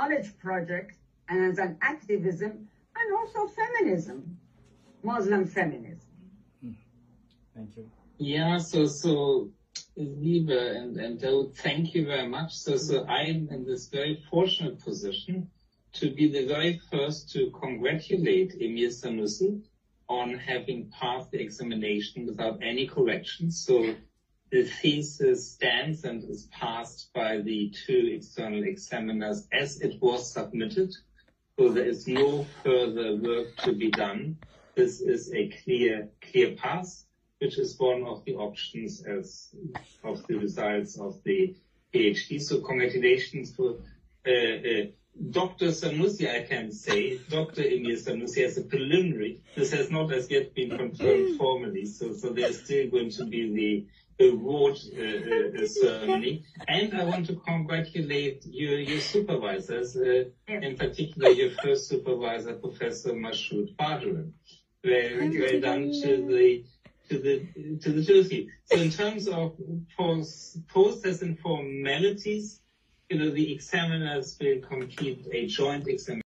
college project and as an activism and also feminism, Muslim feminism. Hmm. Thank you. Yeah, so so Liebe and, and Daud, thank you very much. So so I'm in this very fortunate position to be the very first to congratulate Emir Sanusi on having passed the examination without any corrections. So the thesis stands and is passed by the two external examiners as it was submitted. So there is no further work to be done. This is a clear, clear pass, which is one of the options as of the results of the PhD. So congratulations for. uh, uh, Dr. Sanusi, I can say, Dr. Emir Sanusi has a preliminary. This has not as yet been confirmed mm. formally, so, so there's still going to be the award uh, uh, uh, ceremony. And I want to congratulate your, your supervisors, uh, in particular your first supervisor, Professor Mashoud Badran. very well done to the to the to the Turkey. So in terms of process and formalities, you know, the examiners will complete a joint examination.